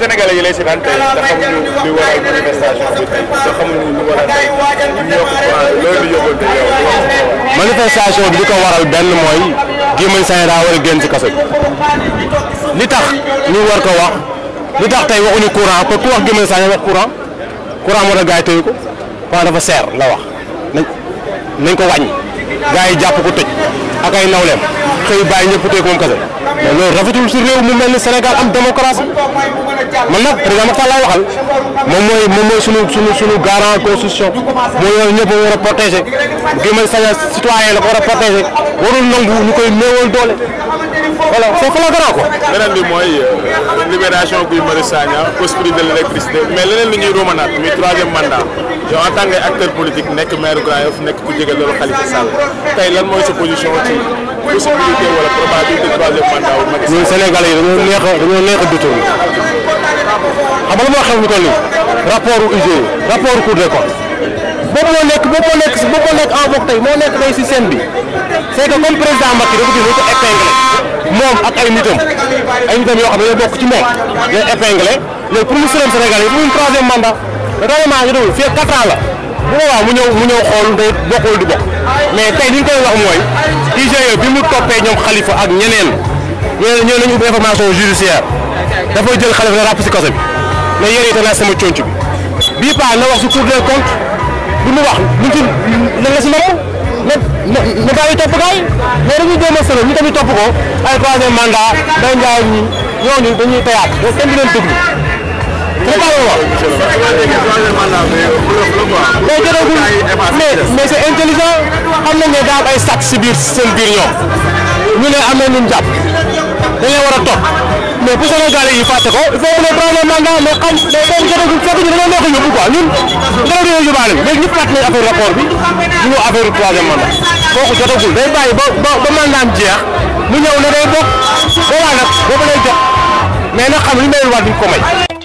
Sénégalais yi lay seetaan tey te xamuñu li waral manifestation bi tey ko waral benn mooy Guy Marius Sagna daa war a génn ci kaso bi li tax ñu war ko wax li tax tey waxuñu courant pour ku wax Guy Marius Sagna wax courant courant moo tax gars yi tëju ko courant dafa seer la wax nañ nañ ko wàññi gars yi jàpp ko tëj. ak ay nawleem xëy bàyyi ñëpp teeg moom kese mais loolu rafetul si réew mu mel ni Sénégal am démocratie man nag président Macky Sall waxal moom mooy moom sunu sunu sunu garant constitution moo yor ñëpp war a protéger gi may sañ citoyen la ko war a protéger warul nangu ñu koy néewal doole. voilà soo ko laagaroo ko. beneen bi mooy euh, libération Guy Marius Sagna au prix de mais leneen li ñuy romanaat muy troisième mandat yow en tant acteur politique nekk maire Grand Yoff nekk ku jege loolu Khalifa tey lan mooy sa position ci possibilité wala probabilité troisième mandat wu Macky Sall. yi dañoo neex dañoo neex a dutul xam nga lu ma wax xew ñu toll nii rapport UG rapport Cour boobu moo nekk boobu moo nekk boobu moo nekk en vogue tey moo nekk tey si scène bi c' est comme président Macky dafa gis ko épinglé moom ak ay nitam ay nitam yoo moom ñooy épinglé léegi pour mu sërëm Sénégal yi pour mu di bokk mais tey li ñu koy wax mooy IGE bi mu toppee ñoom Khalifa ak ñeneen ñooñu ñoo nañu ubbi information judiciaire dafay jël Khalifa la ràpp si kaso bi mais yéen itam naa sama conc bi bii paa na wax si Cour des comptes. li mu wax lu ci lan la si mën na na gars yi topp gars yi mais dañuy a solo ñu tamit ko ay troisième mandat day njaay ñi ñooñu dañuy tayaat ba kenn du leen déglu. dëgg la dëgg la dëgg la dëgg la dëgg la dëgg la dëgg la dëgg la dëgg la dëgg la dëgg la dëgg la a la dëgg la dëgg la dëgg la dëgg la dëgg la dëgg la dëgg la dëgg la dëgg la dëgg la dëgg la dëgg la dëgg la dëgg la jàppaat nañ affaire rapport bi ñu ñëw affaire troisième mandat kooku jotagul day bàyyi ba ba ba mandaam mu ñëw ne day bokk boobaa nag boobu lay jot mais nag xam li may wax duñ ko may.